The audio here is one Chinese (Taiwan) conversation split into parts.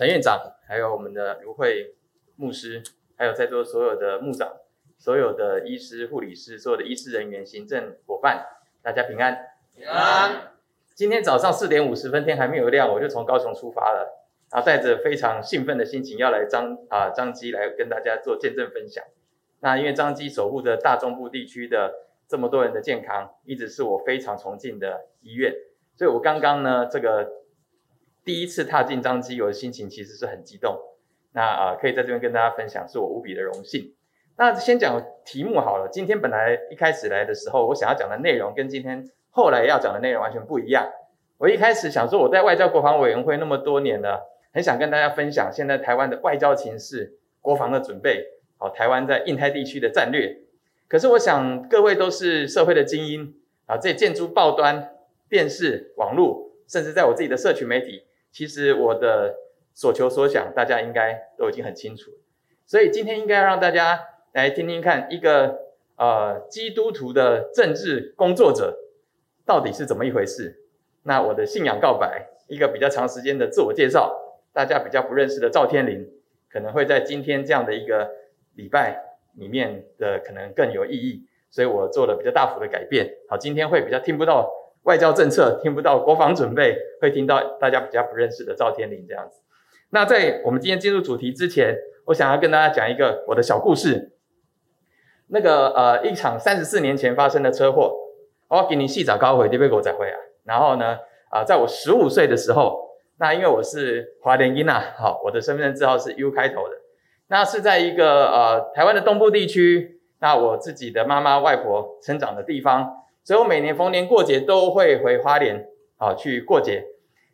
陳院長，還有我們的盧惠牧師，還有在座所有的牧長、所有的醫師、護理師、所有的醫師人員、行政夥伴，大家平安。平安、嗯。今天早上四點五十分，天還沒有亮，我就從高雄出發了，然後帶着非常興奮的心情，要來彰啊彰基來跟大家做見證分享。那因為彰基守護着大中部地區的這麼多人的健康，一直是我非常崇敬的醫院，所以我剛剛呢這個。第一次踏進彰基，我的心情其實是很激動。那呃、啊，可以在這邊跟大家分享，是我無比的榮幸。那先講題目好了。今天本來一開始來的時候，我想要講的內容跟今天後來要講的內容完全不一樣。我一開始想說，我在外交國防委員會那麼多年了，很想跟大家分享現在台灣的外交情勢、國防的準備，好，台灣在印太地區的戰略。可是我想各位都是社會的精英啊，這建築報端、電視、網絡，甚至在我自己的社群媒體。其實我的所求所想，大家應該都已經很清楚了。所以今天應該要讓大家來聽聽看，一個呃基督徒的政治工作者到底是怎麼一回事。那我的信仰告白，一個比較長時間的自我介紹，大家比較不認識的趙天麟，可能會在今天這樣的一個禮拜裡面的可能更有意義。所以我做了比較大幅的改變。好，今天會比較聽不到，外交政策聽不到，國防準備會聽到大家比較不認識的趙天麟這樣子。那在我們今天進入主題之前，我想要跟大家講一個我的小故事。那個呃，一場三十四年前發生的車禍，我給你細找高回，你別狗再回來、啊。然後呢，啊、呃，在我十五歲的時候，那因為我是花蓮囡仔，好，我的身份證字號是 U 開頭的。那是在一個呃台灣的東部地區，那我自己的媽媽外婆生長的地方。所以我每年逢年過節都會回花蓮啊去過節。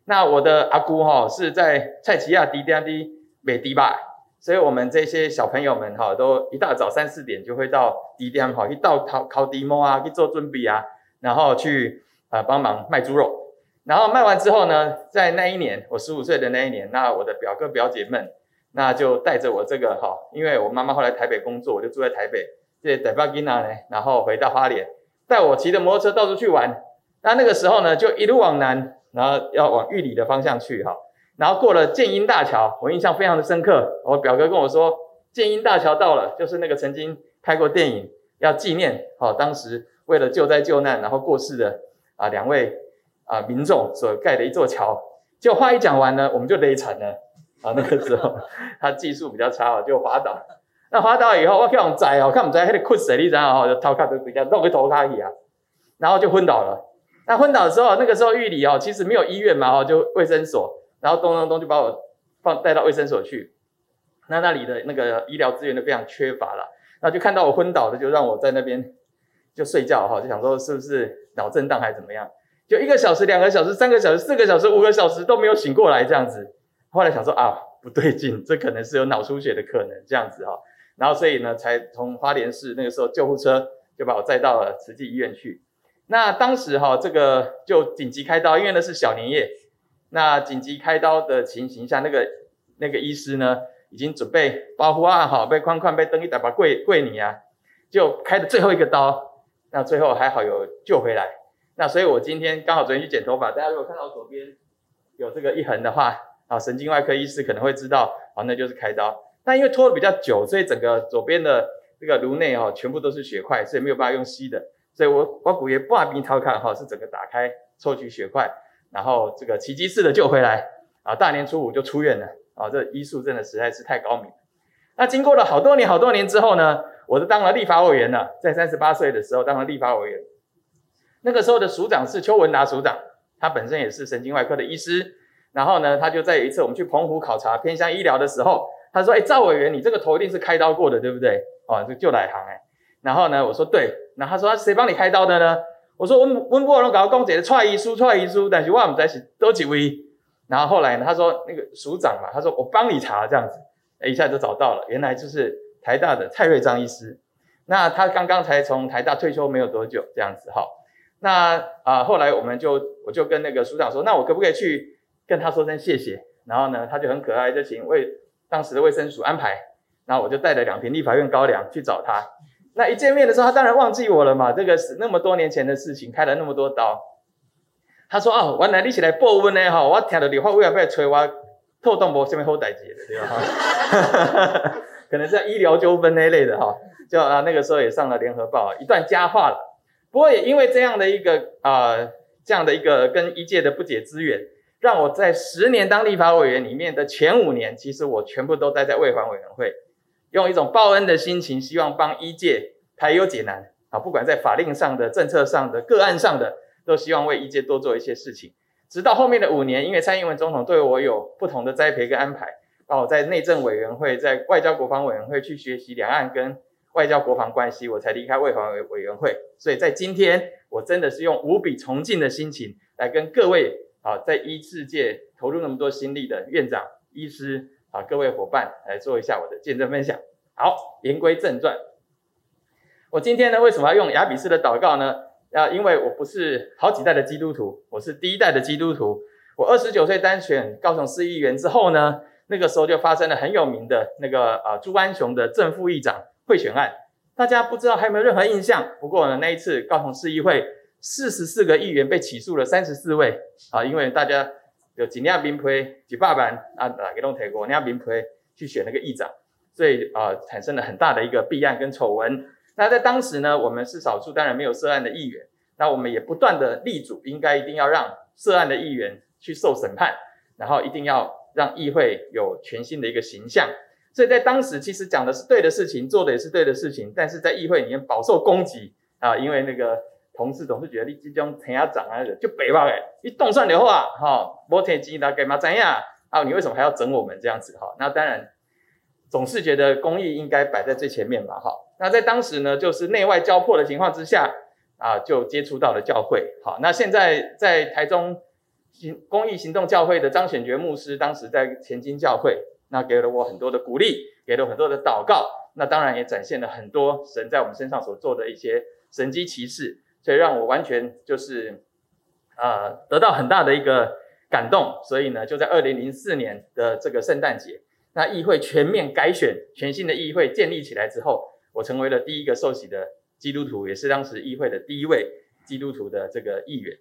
那我的阿姑哈、哦、是在蔡奇亞迪迪安迪美迪吧，所以我們這些小朋友們哈、哦、都一大早三四點就會到迪迪安哦，一到考考迪摩啊去做準備啊，然後去呃幫忙賣豬肉。然後賣完之後呢，在那一年我十五歲的那一年，那我的表哥表姐們，那就帶着我這個哈、哦，因為我媽媽後來台北工作，我就住在台北，對，再巴金拿來，然後回到花蓮。帶我騎着摩托車到處去玩，那那個時候呢，就一路往南，然後要往玉里的方向去哈，然後過了箭瑛大橋，我印象非常的深刻。我表哥跟我說，箭瑛大橋到了，就是那個曾經拍過電影要紀念，好，當時為了救災救難，然後過世的啊兩位啊民眾所蓋的一座橋。就話一講完呢，我們就累慘了，啊那個時候他技術比較差就滑倒。那滑倒以後，我叫往摘哦，看唔摘，還得哭死你知道，然後頭殼就直接落個頭殼去啊，然後就昏倒了。那昏倒的時候，那個時候玉里哦，其實沒有醫院嘛，哈，就衛生所，然後咚咚咚就把我放帶到衛生所去。那那裡的那個醫療資源都非常缺乏了，那就看到我昏倒的，就讓我在那邊就睡覺哈，就想說是不是腦震盪還是怎麼樣？就一個小時、兩個小時、三個小時、四個小時、五個小時都沒有醒過來這樣子。後來想說啊，不對勁，這可能是有腦出血的可能，這樣子哈。然後所以呢，才從花蓮市那個時候救護車就把我載到了慈濟醫院去。那當時哈、哦，這個就緊急開刀，因為那是小年夜。那緊急開刀的情形下，那個那個醫師呢，已經準備包袱啊，好被框框被燈一打，把跪跪你啊，就開的最後一個刀。那最後還好有救回來。那所以我今天剛好昨天去剪頭髮，大家如果看到我左邊有這個一橫的話，啊，神經外科醫師可能會知道，啊，那就是開刀。那因為拖得比較久，所以整個左邊的這個顱內哈、哦，全部都是血塊，所以沒有辦法用吸的，所以我我姑爺把病掏看，哈、哦，是整個打開抽取血塊，然後這個奇蹟似的救回來，啊，大年初五就出院了啊，這醫術真的實在是太高明了。那經過了好多年好多年之後呢，我就當了立法委員了，在三十八歲的時候當了立法委員，那個時候的署長是邱文達署長，他本身也是神經外科的醫師，然後呢，他就在一次我們去澎湖考察偏鄉醫療的時候。他說：“哎，趙委員，你這個頭一定是開刀過的，對不對？哦、啊，就就來行誒，然後呢，我說對。然後他說、啊、誰幫你開刀的呢？我說溫溫波爾弄搞公職的蔡醫師蔡醫師，但是哇，我們在一起都幾位。然後後來呢，他說那個署長嘛，他說我幫你查這樣子，哎、一下就找到了，原來就是台大的蔡瑞章醫師。那他剛剛才從台大退休沒有多久這樣子哈。那啊、呃，後來我們就我就跟那個署長說，那我可不可以去跟他說聲謝謝？然後呢，他就很可愛，就行為。”當時的衛生署安排，然後我就帶了兩瓶立法院高粱去找他。那一見面的時候，他當然忘記我了嘛，這、那個是那麼多年前的事情，開了那麼多刀。他說：“啊、哦，原來你起來報恩的哈，我聽到你為什麼要催我，透動無下面好代志的，對吧？”哈哈哈！可能是醫療糾紛那類的哈，就啊那個時候也上了聯合報，一段佳話了。不過也因為這樣的一個啊、呃，這樣的一個跟醫界的不解之緣。讓我在十年當立法委員裡面的前五年，其實我全部都待在衛環委員會，用一種報恩的心情，希望幫醫界排憂解難啊！不管在法令上的、政策上的、個案上的，都希望為醫界多做一些事情。直到後面的五年，因為蔡英文總統對我有不同的栽培跟安排，讓我在內政委員會、在外交國防委員會去學習兩岸跟外交國防關係，我才離開衛環委委員會。所以在今天，我真的是用無比崇敬的心情來跟各位。好，在醫事界投入那麼多心力的院長、醫師啊，各位夥伴來做一下我的見證分享。好，言歸正傳，我今天呢，為什麼要用雅比斯的禱告呢？啊，因為我不是好幾代的基督徒，我是第一代的基督徒。我二十九歲當選高雄市議員之後呢，那個時候就發生了很有名的那個啊朱安雄的正副議長賄選案，大家不知道還有沒有任何印象？不過呢，那一次高雄市議會。四十四個議員被起訴了三十四位啊，因為大家有尼亞民普、幾巴班啊，哪個弄台國尼亞賓普去選那個議長，所以啊、呃、產生了很大的一個弊案跟醜聞。那在當時呢，我們是少數當然沒有涉案的議員，那我們也不斷的力主應該一定要讓涉案的議員去受審判，然後一定要讓議會有全新的一個形象。所以在當時其實講的是對的事情，做的也是對的事情，但是在議會裡面飽受攻擊啊，因為那個。同事總是覺得你即種成下長啊，就北霸唄一動善的話哈，我天機打概嘛怎樣啊？你為什麼還要整我們這樣子哈？那當然，總是覺得公益應該擺在最前面嘛哈。那在當時呢，就是內外交迫的情況之下啊，就接觸到了教會。好，那現在在台中行公益行動教會的張選覺牧師，當時在前金教會，那給了我很多的鼓勵，給了我很多的禱告。那當然也展現了很多神在我們身上所做的一些神蹟奇事。所以讓我完全就是，呃，得到很大的一個感動。所以呢，就在二零零四年的這個聖誕節，那議會全面改選，全新的議會建立起來之後，我成為了第一個受洗的基督徒，也是當時議會的第一位基督徒的這個議員。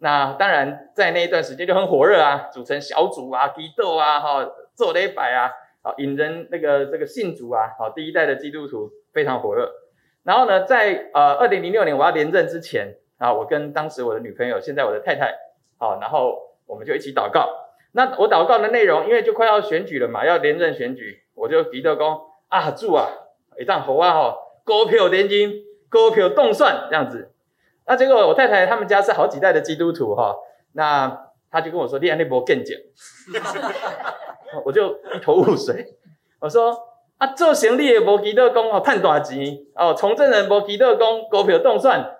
那當然在那一段時間就很火熱啊，組成小組啊，布道啊，哈，做禮拜啊，啊，引人那個這個信主啊，啊，第一代的基督徒非常火熱。然後呢，在呃二零零六年我要連任之前啊，我跟當時我的女朋友，現在我的太太，好、哦，然後我們就一起禱告。那我禱告的內容，因為就快要選舉了嘛，要連任選舉，我就提特公啊，主啊，一仗好啊，哈，高票連經，高票動算這樣子。那結果我太太他們家是好幾代的基督徒哈、哦，那他就跟我說，你那波更簡， 我就一頭霧水，我說。啊，做生意的無幾多功哦，賺大錢哦，從政人無幾多功，股票動算，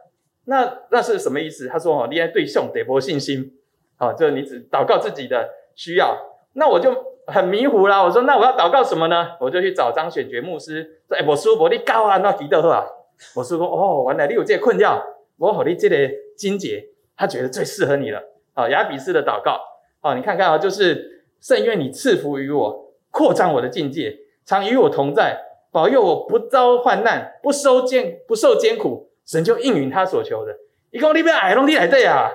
那那是什麼意思？他說哦，你愛對象，得無信心哦，就你只禱告自己的需要，那我就很迷糊啦。我說那我要禱告什麼呢？我就去找張選角牧師，哎，我叔伯你高啊，那吉特，是吧？我叔伯哦，原來你有這個困擾，我和你這個經節，她覺得最適合你了。好、哦、雅比斯的禱告，好、哦、你看看啊，就是甚願你賜福與我，擴張我的境界。常與我同在，保佑我不遭患難，不受艱不受艱，不受艱苦，神就應允他所求的。一共一百埃隆蒂來對啊，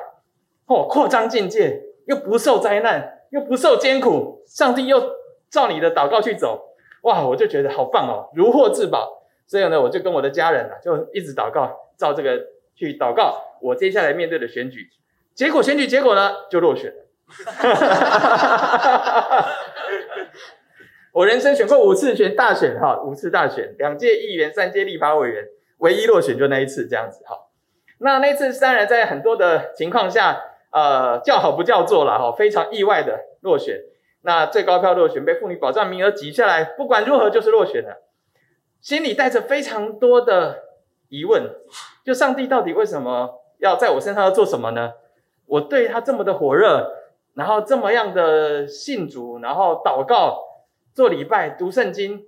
哦，擴張境界，又不受災難，又不受艱苦，上帝又照你的禱告去走，哇，我就覺得好棒哦，如獲至寶。所以呢，我就跟我的家人呢、啊，就一直禱告，照這個去禱告。我接下來面對的選舉結果，選舉結果呢，就落選了。 我人生選過五次選大選哈，五次大選，兩屆議員，三屆立法委員，唯一落選就那一次這樣子哈。那那次當然在很多的情況下，呃，叫好不叫座了哈，非常意外的落選。那最高票落選，被婦女保障名額擠下來，不管如何就是落選了。心裡帶着非常多的疑問，就上帝到底為什麼要在我身上要做什麼呢？我對他這麼的火熱，然後這麼樣的信主，然後禱告。做禮拜、讀聖經，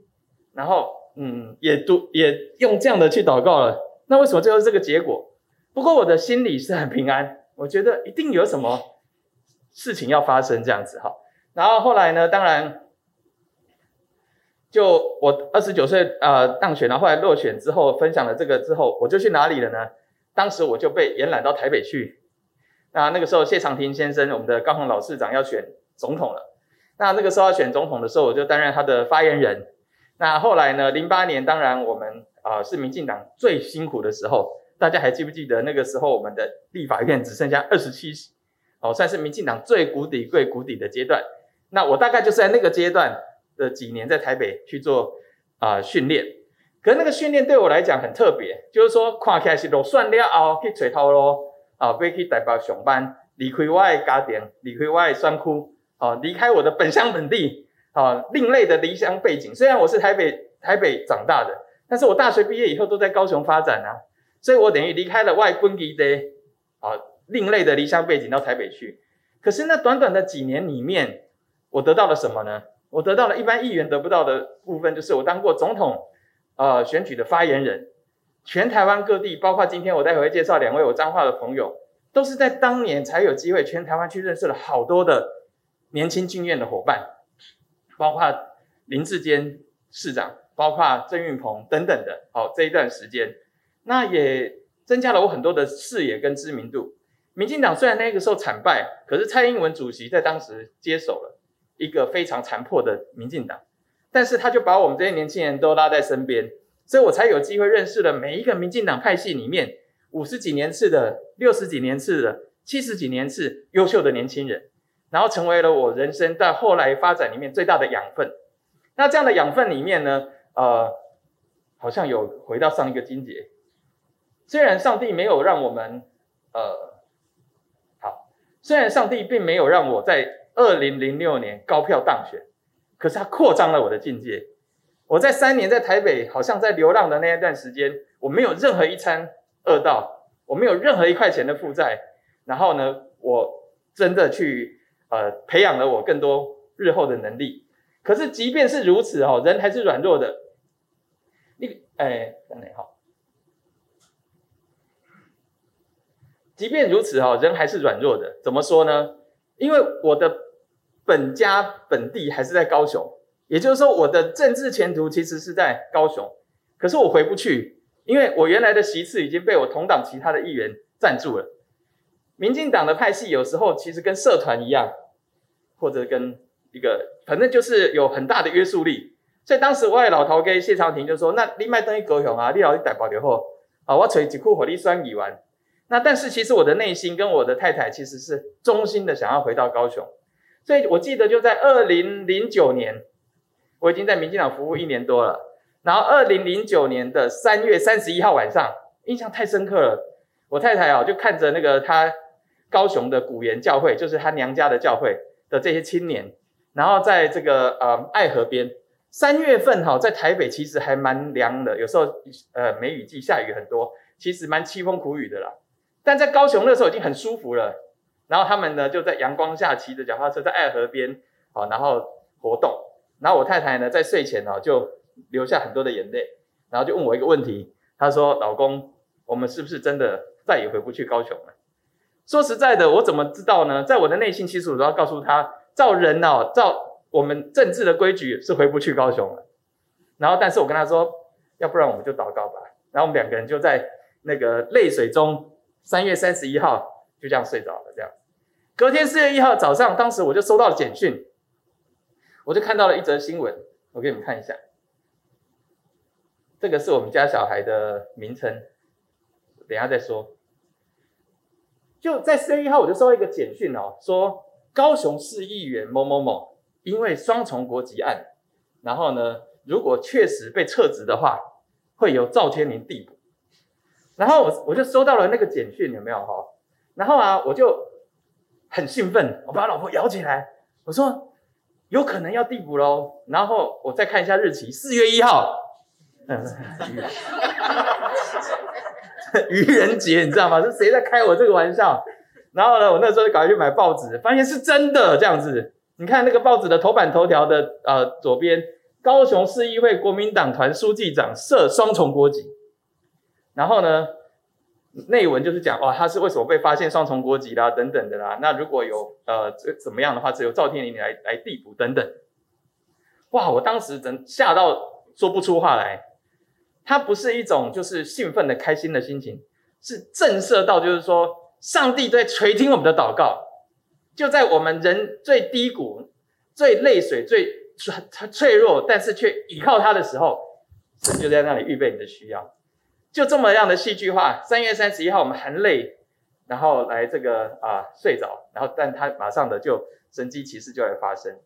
然後，嗯，也讀、也用這樣的去禱告了。那為什麼最後是這個結果？不過我的心裡是很平安，我覺得一定有什麼事情要發生這樣子哈。然後後來呢，當然，就我二十九歲，呃，當選了，然後，後來落選之後，分享了這個之後，我就去哪裡了呢？當時我就被延攬到台北去。那那個時候，謝長廷先生，我們的高雄老市長要選總統了。那那個時候要選總統的時候，我就擔任他的發言人。那後來呢？零八年，當然我們啊、呃、是民進黨最辛苦的時候，大家還記不記得那個時候我們的立法院只剩下二十七席，哦，算是民進黨最谷底、最谷底的階段。那我大概就是在那個階段的幾年，在台北去做啊、呃、訓練。可是那個訓練對我來講很特別，就是說跨開系統算了哦，去水頭嘍，啊、呃，飛去台北上班，離開我的家庭，離開我的酸窟哦，離開我的本鄉本地，哦，另類的離鄉背景。雖然我是台北台北長大的，但是我大學畢業以後都在高雄發展啊，所以我等於離開了外公離的，啊，另類的離鄉背景到台北去。可是那短短的幾年裡面，我得到了什麼呢？我得到了一般議員得不到的部分，就是我當過總統呃選舉的發言人，全台灣各地，包括今天我待會會介紹兩位我彰化的朋友，都是在當年才有機會全台灣去認識了好多的。年輕經驗的夥伴，包括林志堅市長，包括鄭運鵬等等的，好、哦、這一段時間，那也增加了我很多的視野跟知名度。民進黨雖然那個時候慘敗，可是蔡英文主席在當時接手了一個非常殘破的民進黨，但是他就把我們這些年輕人都拉在身邊，所以我才有機會認識了每一個民進黨派系裡面五十幾年次的、六十幾年次的、七十幾年次優秀的年輕人。然後成為了我人生在後來發展裡面最大的養分。那這樣的養分裡面呢，呃，好像有回到上一個經節。雖然上帝沒有讓我們，呃，好，雖然上帝並沒有讓我在二零零六年高票當選，可是他擴張了我的境界。我在三年在台北，好像在流浪的那一段時間，我沒有任何一餐餓到，我沒有任何一塊錢的負債。然後呢，我真的去。呃，培養了我更多日後的能力。可是即便是如此哦，人還是軟弱的。你，哎，真的哈。即便如此哦，人還是軟弱的。怎麼說呢？因為我的本家本地還是在高雄，也就是說我的政治前途其實是在高雄。可是我回不去，因為我原來的席次已經被我同黨其他的議員占住了。民進黨的派系有時候其實跟社團一樣，或者跟一個，反正就是有很大的約束力。所以當時我阿老頭跟謝長廷就說：“那你賣東西高雄啊，你老弟保留後，好，啊、我揣幾庫火力酸乙烷。”那但是其實我的內心跟我的太太其實是衷心的想要回到高雄。所以我記得就在二零零九年，我已經在民進黨服務一年多了。然後二零零九年的三月三十一號晚上，印象太深刻了。我太太啊，就看着那個他。高雄的鼓岩教會，就是他娘家的教會的這些青年，然後在這個呃愛河邊，三月份哈、哦，在台北其實還蠻涼的，有時候呃梅雨季下雨很多，其實蠻淒風苦雨的啦。但在高雄那時候已經很舒服了，然後他們呢就在陽光下騎着腳踏車在愛河邊好、哦，然後活動。然後我太太呢在睡前哦就流下很多的眼淚，然後就問我一個問題，她說老公，我們是不是真的再也回不去高雄了？說實在的，我怎麼知道呢？在我的內心，其實我都要告訴他，照人哦、啊，照我們政治的規矩是回不去高雄了。然後，但是我跟他說，要不然我們就禱告吧。然後我們兩個人就在那個淚水中，三月三十一號就這樣睡着了，這樣。隔天四月一號早上，當時我就收到了簡訊，我就看到了一則新聞，我給你們看一下。這個是我們家小孩的名稱，等一下再說。就在四月一號，我就收到一個簡訊哦，說高雄市議員某某某因為雙重國籍案，然後呢，如果確實被撤職的話，會由趙天麟遞補。然後我我就收到了那個簡訊，有沒有哈、哦？然後啊，我就很興奮，我把老婆搖起來，我說有可能要遞補嘍。然後我再看一下日期，四月一號。嗯 愚人節，你知道嗎？是誰在開我這個玩笑？然後呢，我那時候就趕快去買報紙，發現是真的這樣子。你看那個報紙的頭版頭條的呃左邊，高雄市議會國民黨團書記長設雙重國籍。然後呢，內文就是講哇、哦，他是為什麼被發現雙重國籍啦等等的啦。那如果有呃這怎麼樣的話，只有趙天麟來來遞補等等。哇，我當時真嚇到說不出話來。它不是一種就是興奮的、開心的心情，是震懾到，就是說上帝在垂聽我們的禱告，就在我們人最低谷、最淚水、最脆弱，但是卻依靠它的時候，神就在那裡預備你的需要，就這麼樣的戲劇化。三月三十一號，我們含淚，然後來這個啊、呃、睡着，然後但他馬上的就神蹟奇事就來發生。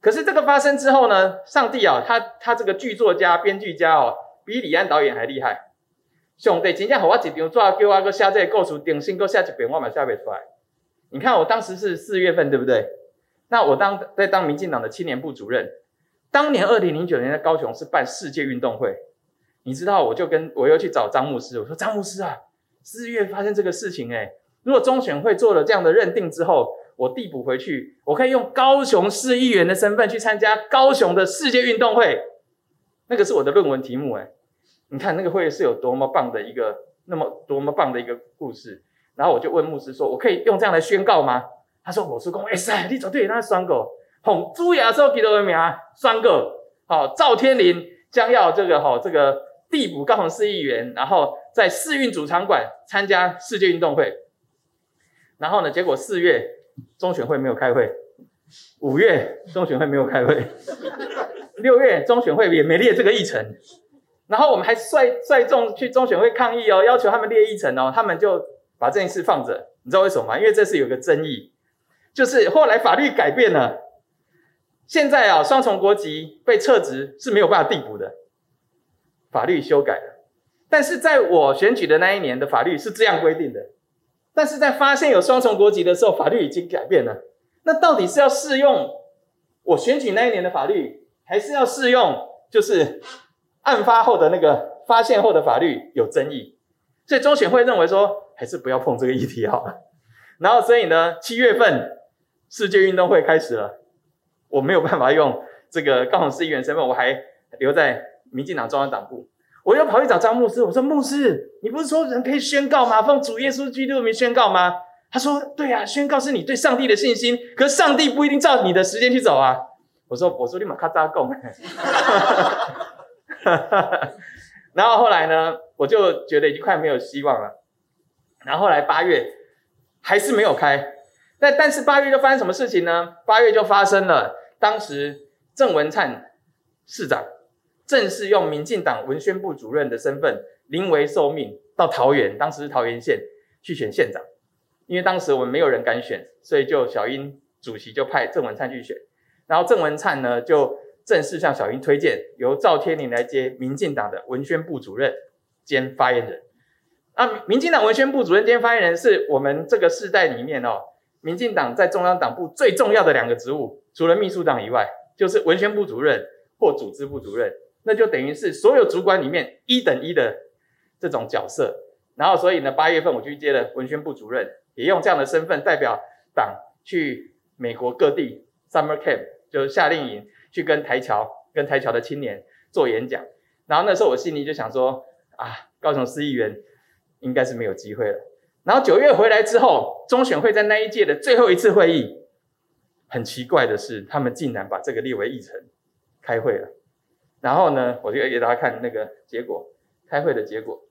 可是這個發生之後呢，上帝啊，他他這個劇作家、編劇家哦、啊。比李安導演還厲害，兄弟今天好我一張紙，給我擱寫這個故事，重新擱下一遍，我嘛，寫不出來。你看我當時是四月份，對不對？那我當在當民進黨的青年部主任，當年二零零九年的高雄是辦世界運動會，你知道？我就跟我又去找張牧師，我說：“張牧師啊，四月發生這個事情、欸，哎，如果中選會做了這樣的認定之後，我遞補回去，我可以用高雄市議員的身份去參加高雄的世界運動會，那個是我的論文題目、欸，哎。”你看那個會是有多麼棒的一個，那麼多麼棒的一個故事。然後我就問牧師說：“我可以用這樣來宣告嗎？”他說：“我是公 S、欸、你走對，那是雙狗。紅朱亞洲，記得們啊？雙狗。好、哦，趙天麟將要這個，好、哦，這個遞補高雄市議員，然後在市運主場館參加世界運動會。然後呢，結果四月中選會沒有開會，五月中選會沒有開會，六月中選會也沒列這個議程。”然後我們還率率眾去中選會抗議哦，要求他們列議程哦，他們就把這件事放着。你知道為什麼嗎？因為這是有個爭議，就是後來法律改變了，現在啊雙重國籍被撤職是沒有辦法遞補的，法律修改了。但是在我選舉的那一年的法律是這樣規定的，但是在發現有雙重國籍的時候，法律已經改變了。那到底是要適用我選舉那一年的法律，還是要適用就是？案發後的那個發現後的法律有爭議，所以中選會認為說還是不要碰這個議題好。然後所以呢，七月份世界運動會開始了，我沒有辦法用這個高雄市議員身份，我還留在民進黨中央黨部。我又跑去找張牧師，我說，牧師，你不是說人可以宣告嗎？奉主耶穌基督名宣告嗎？他說對呀、啊，宣告是你對上帝的信心，可是上帝不一定照你的時間去走啊。我說我說你嘛卡早講。 然後後來呢，我就覺得已經快沒有希望了。然後後來八月還是沒有開。但但是八月就發生什麼事情呢？八月就發生了，當時鄭文燦市長正式用民進黨文宣部主任的身份臨危受命到桃園，當時是桃園縣去選縣長。因為當時我們沒有人敢選，所以就小英主席就派鄭文燦去選。然後鄭文燦呢就。正式向小英推薦由趙天麟來接民進黨的文宣部主任兼發言人。那、啊、民進黨文宣部主任兼發言人是我們這個世代裡面哦，民進黨在中央黨部最重要的兩個職務，除了秘書長以外，就是文宣部主任或組織部主任，那就等於是所有主管裡面一等一的這種角色。然後所以呢，八月份我去接了文宣部主任，也用這樣的身份代表黨去美國各地 summer camp，就是夏令營。去跟台僑、跟台僑的青年做演講，然後那時候我心裡就想說：啊，高雄市議員應該是沒有機會了。然後九月回來之後，中選會在那一屆的最後一次會議，很奇怪的是，他們竟然把這個列為議程開會了。然後呢，我就給大家看那個結果，開會的結果。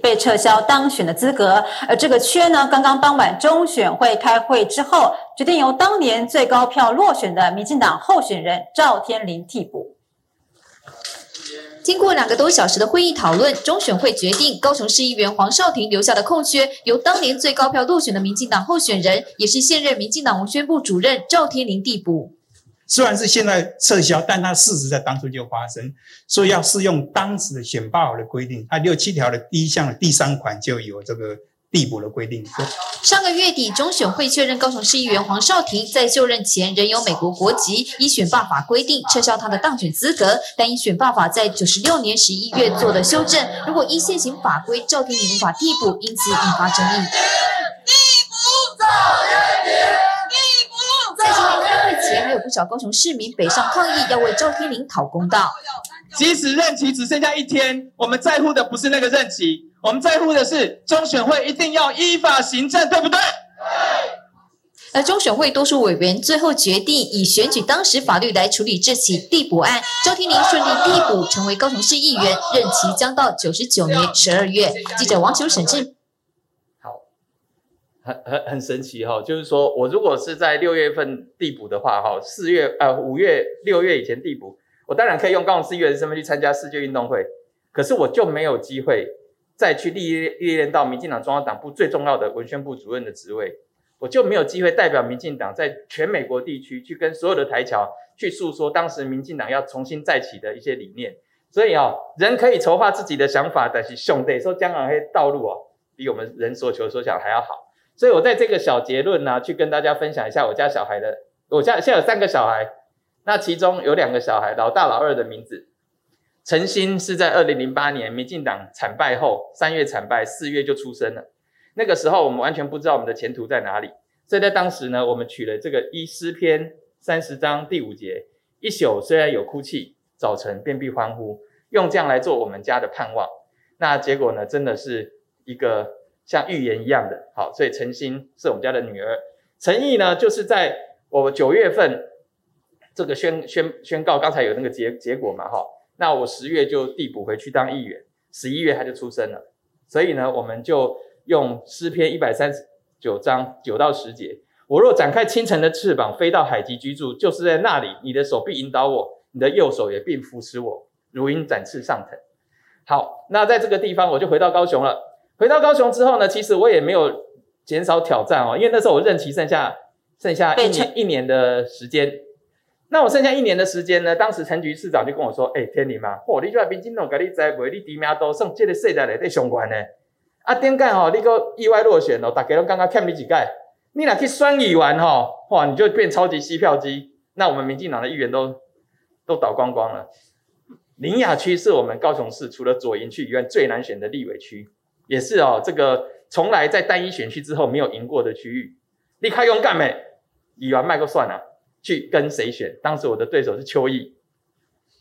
被撤銷當選的資格，而這個缺呢，剛剛傍晚中選會開會之後，決定由當年最高票落選的民進黨候選人趙天麟替補。經過兩個多小時的會議討論，中選會決定高雄市議員黃少廷留下的空缺，由當年最高票落選的民進黨候選人，也是現任民進黨文宣部主任趙天麟遞補。雖然是現在撤銷，但它事實在當初就發生，所以要適用當時的選罷法的規定。它六七條的第一項的第三款就有這個遞補的規定。上個月底，中選會確認高雄市議員黃少廷在就任前仍有美國國籍，依選罷法規定撤銷他的當選資格，但依選罷法在九十六年十一月做的修正，如果依現行法規，趙天麟無法遞補，因此引發爭議。不少高雄市民北上抗議，要為趙天麟討公道。即使任期只剩下一天，我們在乎的不是那個任期，我們在乎的是中選會一定要依法行政，對不對？對。而中選會多數委員最後決定，以選舉當時法律來處理這起遞補案。趙天麟順利遞補，成為高雄市議員，任期將到九十九年十二月。記者王秋審製。很很很神奇哈、哦，就是說我如果是在六月份遞補的話哈，四月呃五月六月以前遞補，我當然可以用高雄市議員的身份去參加世界運動會，可是我就沒有機會再去歷歷練到民進黨中央黨部最重要的文宣部主任的職位，我就沒有機會代表民進黨在全美國地區去跟所有的台僑去訴說當時民進黨要重新再起的一些理念。所以哦，人可以籌劃自己的想法，但是兄弟說，江郎黑道路哦，比我們人所求所想還要好。所以，我在這個小結論呢，去跟大家分享一下我家小孩的。我家現在有三個小孩，那其中有兩個小孩，老大、老二的名字，晨曦是在二零零八年民進黨慘敗後，三月慘敗，四月就出生了。那個時候，我們完全不知道我們的前途在哪裡，所以在當時呢，我們取了這個《一詩篇》三十章第五節：“一宿雖然有哭泣，早晨便必歡呼。”用這樣來做我們家的盼望。那結果呢，真的是一個。像預言一樣的，好，所以陳心是我們家的女兒，陳毅呢，就是在我九月份這個宣宣宣告剛才有那個結結果嘛，哈，那我十月就遞補回去當議員，十一月他就出生了，所以呢，我們就用詩篇一百三十九章九到十節，我若展開清晨的翅膀，飛到海極居住，就是在那裡，你的手必引導我，你的右手也必扶持我，如鷹展翅上騰。好，那在這個地方我就回到高雄了。回到高雄之後呢，其實我也沒有減少挑戰哦，因為那時候我任期剩下剩下一年一年的時間。那我剩下一年的時間呢，當時陳菊市長就跟我說：“哎、欸，天哪、啊，哇、哦，你就把民進黨隔離在，不，你提名都上，這裡誰在來在相關呢？啊，點幹哦，你個意外落選哦，大家都剛剛看沒幾蓋，你倆去雙語玩哈，哇，你就變超級吸票機，那我們民進黨的議員都都倒光光了。苓雅區是我們高雄市除了左營區以外最難選的立委區。”也是哦，這個從來在單一選區之後沒有贏過的區域，你開用幹沒？以完賣過算了、啊，去跟誰選？當時我的對手是邱毅，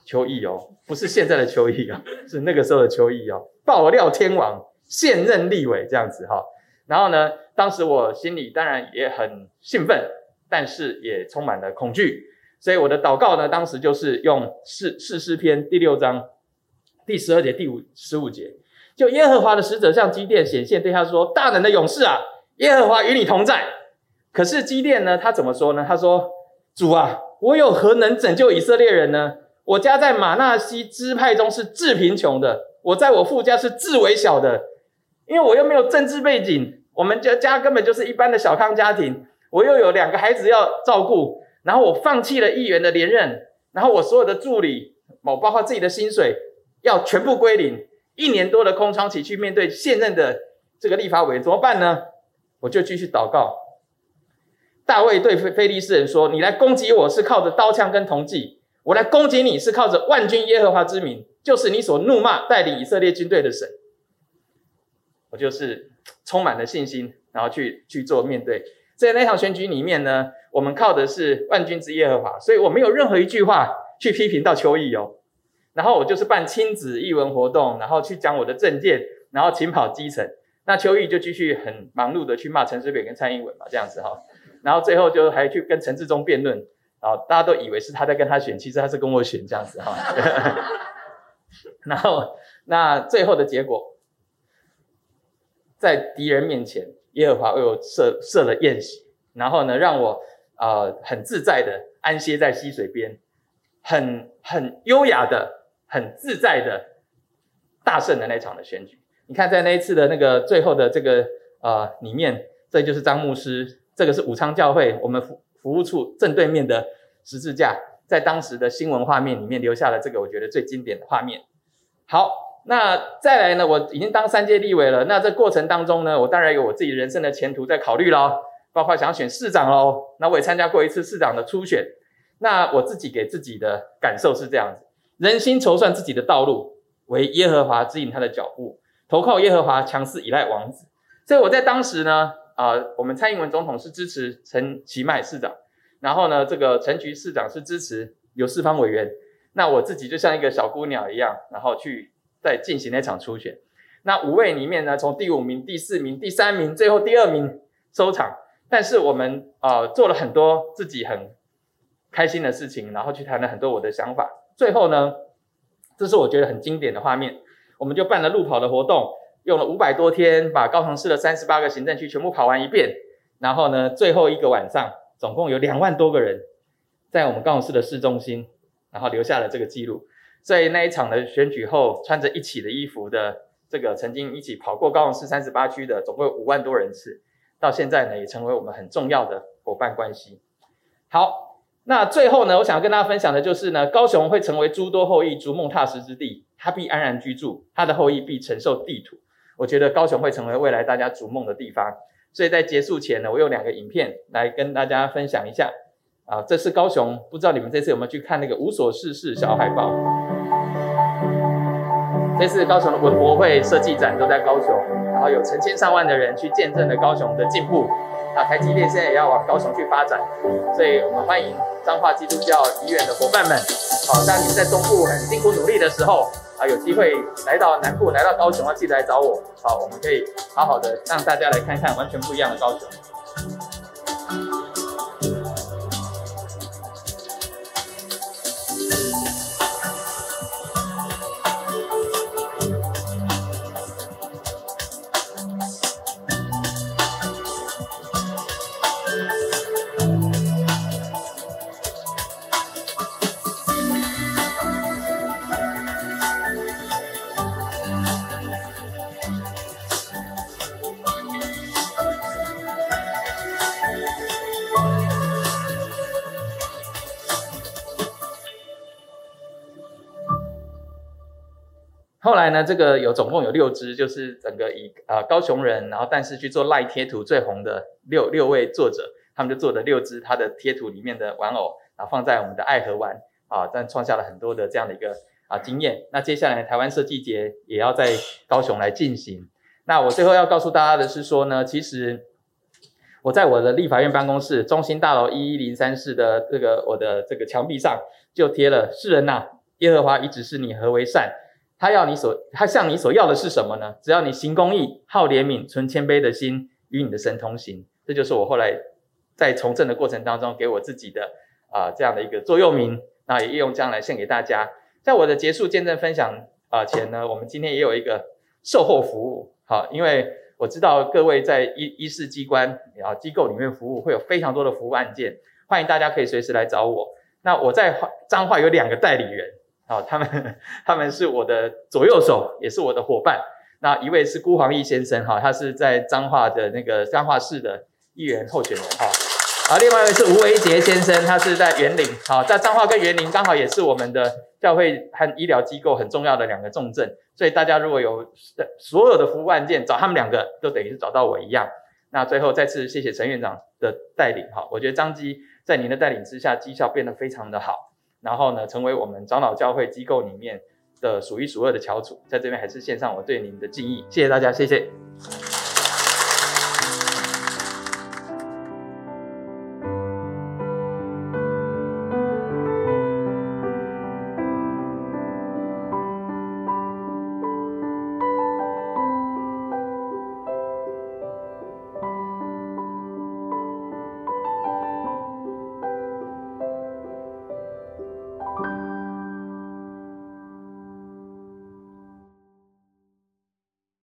邱毅哦，不是現在的邱毅哦，是那個時候的邱毅哦，爆料天王，現任立委這樣子哈。然後呢，當時我心裡當然也很興奮，但是也充滿了恐懼，所以我的禱告呢，當時就是用《士、士師記》第六章第十二節第十五節。就耶和華的使者向基甸顯現，對他說：“大能的勇士啊，耶和華與你同在。”可是基甸呢，他怎麼說呢？他說：“主啊，我有何能拯救以色列人呢？我家在瑪拿西支派中是至貧窮的，我在我父家是至微小的，因為我又沒有政治背景，我們家家根本就是一般的小康家庭。我又有兩個孩子要照顧，然後我放棄了議員的連任，然後我所有的助理，我包括自己的薪水，要全部歸零。”一年多的空窗期，去面對現任的這個立法委怎麼辦呢？我就繼續禱告。大衛對非非，非利士人說：“你來攻擊我，是靠着刀槍跟銅戟，我來攻擊你，是靠着萬軍耶和華之名，就是你所怒罵帶領以色列軍隊的神。”我就是充滿了信心，然後去去做面對。在那場選舉裡面呢，我們靠的是萬軍之耶和華，所以我沒有任何一句話去批評到邱毅哦。然後我就是辦親子藝文活動，然後去講我的政見，然後勤跑基層。那邱毅就繼續很忙碌的去罵陳水扁跟蔡英文嘛，這樣子哈。然後最後就還去跟陳致中辯論，大家都以為是他在跟他選，其實他是跟我選這樣子哈。 然後那最後的結果，在敵人面前，耶和華為我設設了宴席，然後呢，讓我、呃、很自在的安歇在溪水邊，很很優雅的。很自在的，大勝的那場的選舉，你看，在那一次的那個最後的這個呃裡面，這就是張牧師，這個是武昌教會我們服服務處正對面的十字架，在當時的新聞畫面裡面留下了這個我覺得最經典的畫面。好，那再來呢，我已經當三屆立委了，那這過程當中呢，我當然有我自己人生的前途在考慮咯，包括想要選市長咯，那我也參加過一次市長的初選，那我自己給自己的感受是這樣子。人心籌算自己的道路，惟耶和華指引他的腳步，投靠耶和華，強似倚賴王子。所以我在當時呢，啊、呃，我們蔡英文總統是支持陳其邁市長，然後呢，這個陳菊市長是支持劉世芳委員，那我自己就像一個小姑娘一樣，然後去在進行那場初選。那五位裡面呢，從第五名、第四名、第三名，最後第二名收場。但是我們啊、呃，做了很多自己很開心的事情，然後去談了很多我的想法。最後呢，這是我覺得很經典的畫面，我們就辦了路跑的活動，用了五百多天，把高雄市的三十八個行政區全部跑完一遍。然後呢，最後一個晚上，總共有兩萬多個人在我們高雄市的市中心，然後留下了這個記錄。所以那一場的選舉後，穿着一起的衣服的這個曾經一起跑過高雄市三十八區的，總共有五萬多人次，到現在呢，也成為我們很重要的伙伴關係。好。那最後呢，我想要跟大家分享的就是呢，高雄會成為諸多後裔逐夢踏實之地，他必安然居住，他的後裔必承受地土。我覺得高雄會成為未來大家逐夢的地方。所以在結束前呢，我有兩個影片來跟大家分享一下。啊，這次高雄不知道你們這次有沒有去看那個無所事事小海報？這次高雄的文博會設計展都在高雄。好，有成千上萬的人去見證了高雄的進步。啊，台積電現在也要往高雄去發展，所以我們歡迎彰化基督教醫院的夥伴們。好，當你們在東部很辛苦努力的時候，啊，有機會來到南部，來到高雄啊，記得來找我。好，我們可以好好的讓大家來看看完全不一樣的高雄。那這個有總共有六隻，就是整個以啊高雄人，然後但是，去做賴貼圖最紅的六六位作者，他們就做的六隻他的貼圖裡面的玩偶，然後放在我們的愛河灣啊，但創下了很多的這樣的一個啊經驗。那接下來台灣設計節也要在高雄來進行。那我最後要告訴大家的是說呢，其實我在我的立法院辦公室中興大樓一一零三室的這個我的這個牆壁上就貼了世人吶、啊，耶和華已指示你何為善。他要你所，他向你所要的是什麼呢？只要你行公義、好憐憫、存謙卑的心，與你的神同行。這就是我後來在從政的過程當中，給我自己的啊、呃、這樣的一個座右銘。那、啊、也應用將來獻給大家。在我的結束見證分享啊、呃、前呢，我們今天也有一個售後服務。好、啊，因為我知道各位在醫醫事機關然後機構裡面服務，會有非常多的服務案件。歡迎大家可以隨時來找我。那我在彰化有兩個代理人。好，他們他們是我的左右手，也是我的夥伴。那一位是辜皇毅先生，哈、哦，他是在彰化的那個彰化市的議員候選人，哈、哦。啊，另外一位是吳維杰先生，他是在員林，好、哦，在彰化跟員林剛好也是我們的教會和醫療機構很重要的兩個重鎮，所以大家如果有所有的服務案件找他們兩個，都等於是找到我一樣。那最後再次謝謝陳院長的帶領，哈，我覺得彰基在您的帶領之下，績效變得非常的好。然後呢，成為我們長老教會機構裡面的數一數二的翹楚，在這邊還是獻上我對您的敬意，謝謝大家，謝謝。